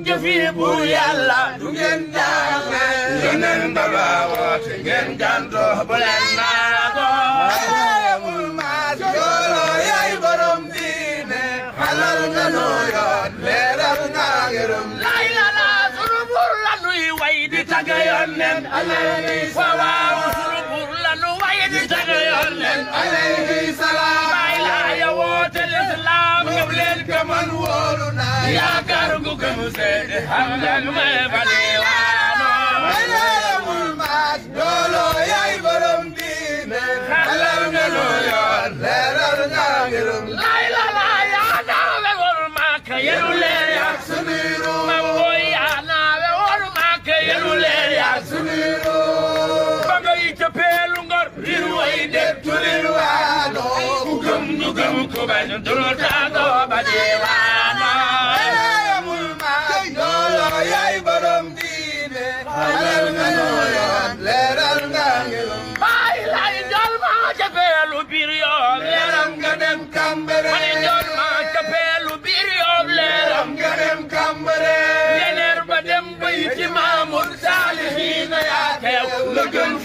ngeen jëfi bu yàlla du ngeen jaaxle yeneen ba baawoote ngeen gàndoo bu leen naa ko amul maas yooloo yaay borom diine xalal nga noo yoon leeral nga ngërëm lay la la sunu bur la nuy way di tagga yoon nen alayhi salaam sunu bur la nu way di tagga yoon nen alayhi salaam bay laa ya woote lislaam ngam leen ka man wóolu naa Mused, Hamdan Malvalewa. Lolo yay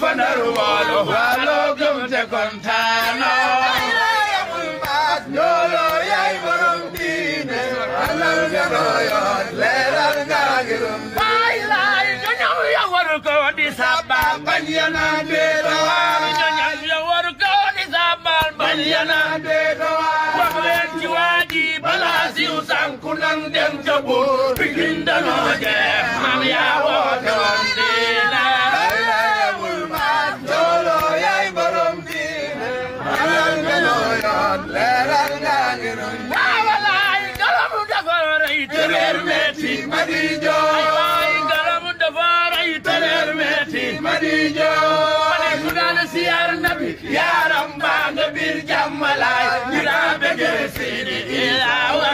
fadar waalo waalo gëm te kontaano looloo yaay borom diine alal nga nooyoon leeral nga gërëm laay laay ñoñam ya war ko di sabbaal bañ yanaan deetawaal ñoñam ya war ko di sabbaal bañ yanaan deetawaal wax leen ci waa ji balaa siw sànku nan dem ca buur bi gindanoo jeex am yaa woon madijo ay garamu dafa ray tëreer metti madijo mani ku daan siyaar nabi yaaram baa nga biir jàmmalaay ñu daa bëgg sidi ilaawa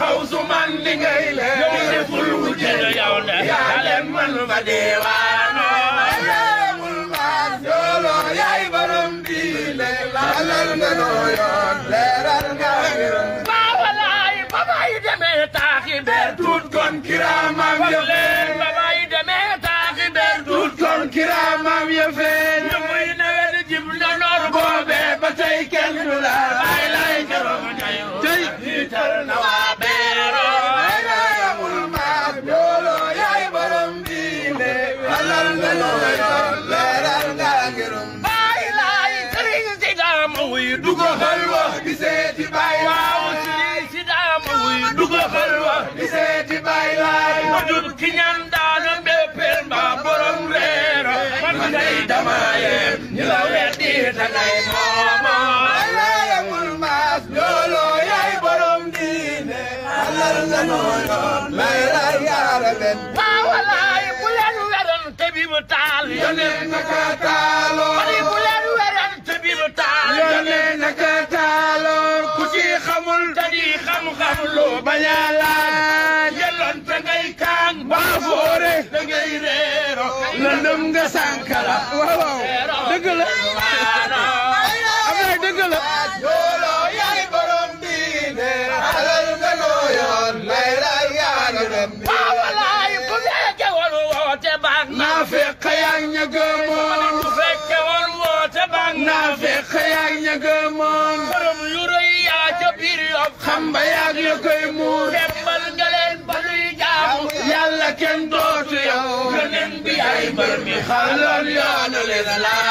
الفوز من لقيله يعرف الوجه يا لم من بديوان يا ملمان يولو يا برم بيله لا لا لا لا لا لا ber tut kon kiramam ya feen babay deme taaxi ber tut kon kiramam ya feen ñu muy nawet jib na noor boobee ba tey kenn du la dangay moomo Allah yamul maas looloo yaay borom diine alal la nooloon may la leen waaw walaay bu leen weran te taal yoneen naka naka taaloo ku ci xamul te di xam-xam lu bañ a laaj yelloon te ngay ngay reero lëndëm nga sànkala waaw waaw dëgg la naafeq yaag ña gëmoon bu fekke woon woote bang naafeq yaag ña gëmoon borom yu rëy yaa ca biir yob xam ba yaag ya koy muur tembal nga leen ba luy jaamu yàlla kenn dootu yow gënen bi ay mbër mi xaloon yoonu leen laa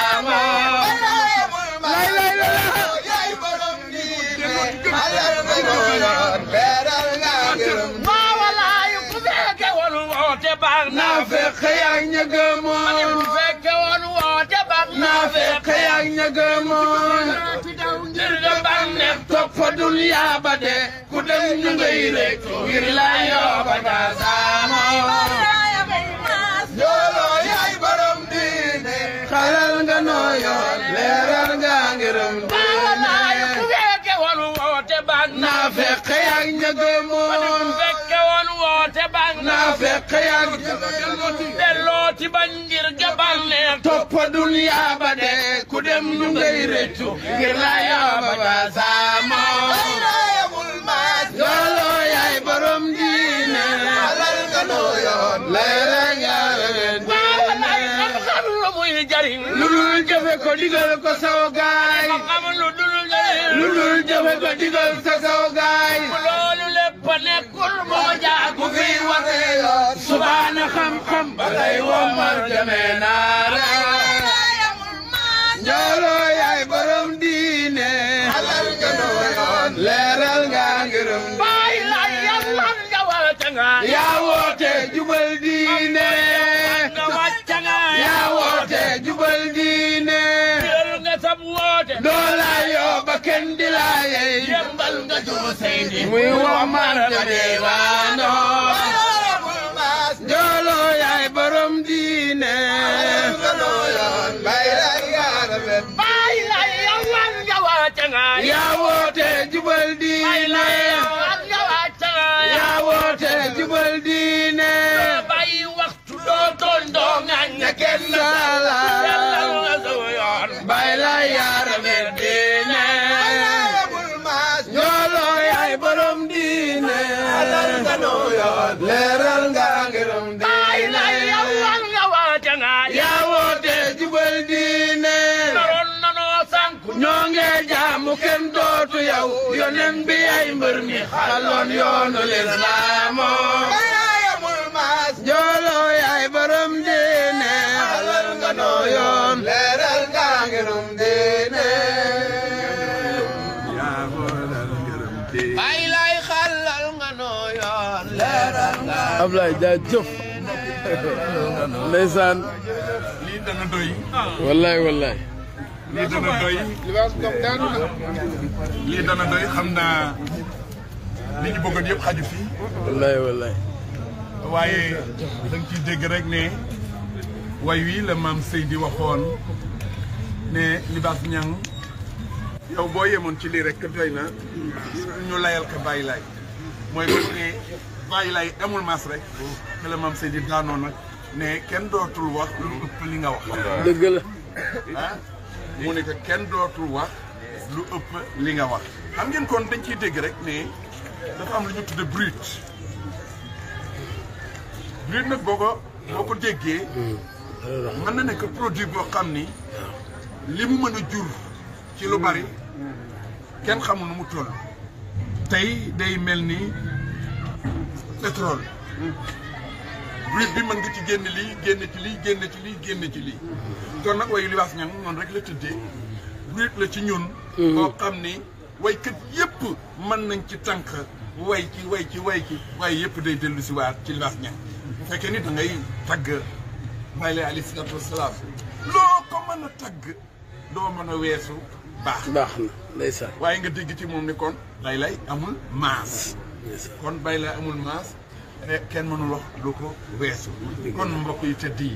nafeq yaa ña gëmoon bu fekke woon woote baax nafeq yaa ña gëmoon ngir de bànneex topp fa duniyaa ba de ku dem ñu ngay rek ngir la yooba daa ja gëmoon fekke woon woote bang naa fekk yàgg dellooti bañ ngir gabal ne topp dunya ba de ku dem nu ngay rëccu ngir la yaaba ba saamoo looloo yaay borom diine alal nga nooyoon leera lu dul jëfe ko digal ko saw gaay lu dul jëfe ko digal ko saw gaay nekkul moo jaagu fi wareeyo subaana xam-xam ba lay womar jamee naara njooloo yaay borom diine alal nga doon leeral nga ngërëm baay la yàlla nga war a janga yaa woote jubal diine yaa woote jubal diine doo lay kenn di laayee yëmbal nga joo seydi muy woo mante beewaano njooloo yaay borom diine bay lay yawal nga waaca ngaay yaa woote jubal diine yaa woote jubal diine bay waxtu doo doon doo ngañ na kenn la taxaw yonen bi ay mbër mi xaloon yoonu lislaamu yaayamul maas jooloo yaay borom diine xalal nga noo yoon leeral nga ngirum diine bay lay xalal nga noo yoon leeral nga Ablaye jaajëf ndeysaan lii dana doy wallaay wallaay lii dana doy lii dana doy xam naa li ñu bëggoon yëpp xaju fii. wallaay wallaay. waaye da nga ciy dégg rek ne way wii la maam Seydi waxoon ne Libaas Ñang yow boo yemoon ci lii rek doy na ñu layal ko bàyyi laay mooy bu ne bàyyi laay amul maas rek te la maam Seydi daanoo nag ne kenn dootul wax lu ëpp li nga wax. dëgg la ah? mu ne kenn dootul wax lu ëpp li nga wax xam ngeen kon dañ ciy dégg rek ne dafa am lu ñu tudde brut brut nag boo ko boo ko déggee mën na nekk produit boo xam ni li mu mën a jur ci lu bari kenn xamul nu mu toll tey day mel ni pétrole bruit bi mën nga ci génn lii génn ci lii génn ci lii génn ci lii kon nag wayu libaas ñang noonu rek la tëddee bruit la ci ñun boo hmm. xam ni waykat yépp mën nañ ci tànk way ci way ci way ci waaye yëpp day dellu si waat ci libaas ñang bu fekkee ni da ngay tagg bàyyi la alayhi loo ko mën a tagg doo mën a weesu baax baax na ndeysaan waaye nga dégg ci moom ni lay lay amul maas kon bàyyi la amul maas ne kenn mënul wax lu ko weesu. kon mbokk yi tëdd yi.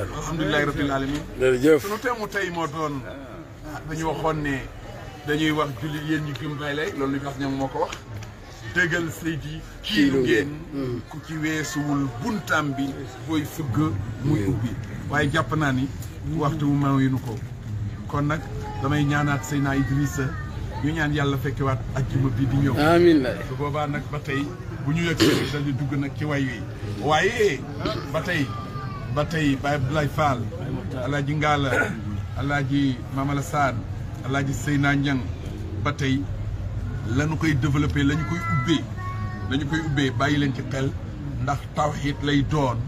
alhamdulilah rabbil alamin jërëjëf sunu teemu tey moo doon. Ah, dañu waxoon ne dañuy wax jullit yéen ñu gëm bay lay loolu li wax ñoom moo ko wax. dëggal Seydi kii ngeen hmm. ku ci weesuwul buntaam bi booy fëgg muy hmm. ubbi waaye jàpp naa ni waxtu wu mayinu ko kon nag damay ñaanaat Seydina Idrissa ñu ñaan yàlla fekkewaat ajjuma bi di ñëw boobaa nag ba tey bu ñu yegg see dañu dugg nag ci way wi waaye ba tey ba tey Baye Abdoulaye Fall alaaji Ngala alaaji Mamala Saan alaaji Seyna Niang ba tey lañu koy développé lañu koy ubbee koy ubbee bàyyi leen ci xel ndax tawxiit lay doon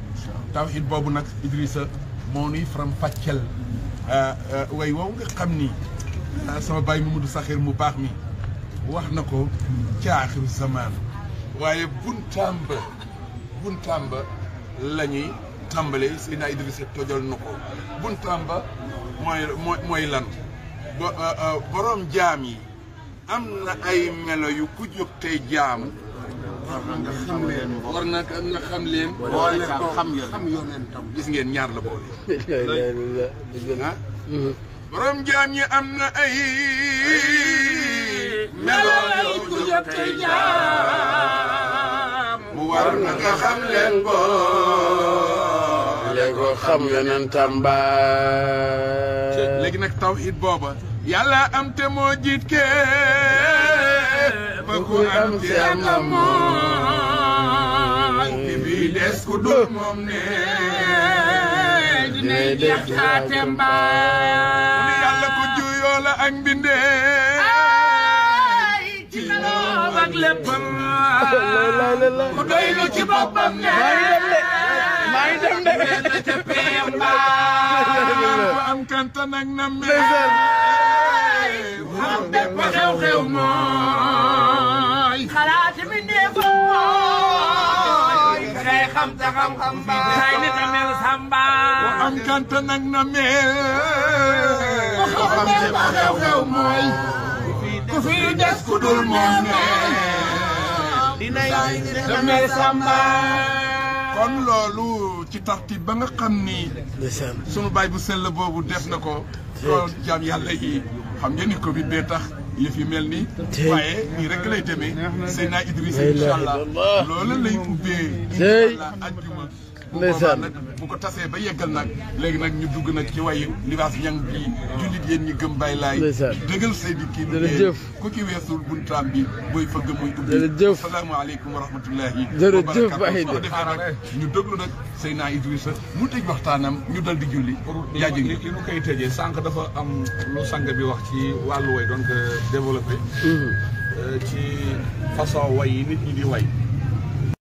tawxiit boobu nag Idrissa moo nuy faram fàcceel euh, euh, way wow nga xam ni sama baay Mamadou Saxir mu baax mi wax na ko ci aaxiru zamaan waaye Buntamba Buntamba la ñuy tàmbalee Seydina Idrissa tojal na ko Buntamba mooy mooy lan euh, euh, borom jaam yi am na ay melo yu ku jóg tey jaamu war na nga xam leen war na nga xam leen gis ngeen ñaar la boole ah mm-hmm. borom jaam yi am na ay melo yëg ci jaam mu war na nga xam leen borom leen ko xam yonentam ba léegi nag tawhid booba yàlla am te moo jiit kee ba ku am am la mooy bii des ku dul moom ne dinay jeex xaatem ba yàlla ko juyoo la ak mbindee léppam ku doylu ci boppam ne maa ngi dem de maa ngi dem de ca peem baa am kantan ak na melaay am bépp xew-xew mooy xalaat mi neefa mooy ngay xam ta xam-xam baa ngay nit a mel samba am kantan ak na mel xam bépp xew-xew mooy ku fi des ku dul moom ne nay demee Samba kon loolu ci taxti ba nga xam ni sunu baay bu sell boobu def na ko lool jaam yàlla yi xam ngeen ko Covid bee tax yi fi mel ni waaye nii rek lay demee Seydina Idrissa incha allah loolu lay ubbee incha allah ajjuma ndeysaan nag bu ko tasee ba yeggal nag léegi nag ñu dugg nag ci wayu libaas ñang bi jullit yéen ñi gëm bay laay dëggal Seydi kii jërëjëf ku ci weesul buntaam bi booy fëgg muy ubbi jërëjëf asalaamaaleykum wa rahmatullahi jërëjëf Baye de defee nag ñu déglu nag Seyna Idrissa mu tëj waxtaanam ñu dal di julli jaajëf li ñu koy tëjee sànq dafa am lu bi wax ci wàllu way donc euh, développé mhm. euh, ci façon way yi nit ñi di way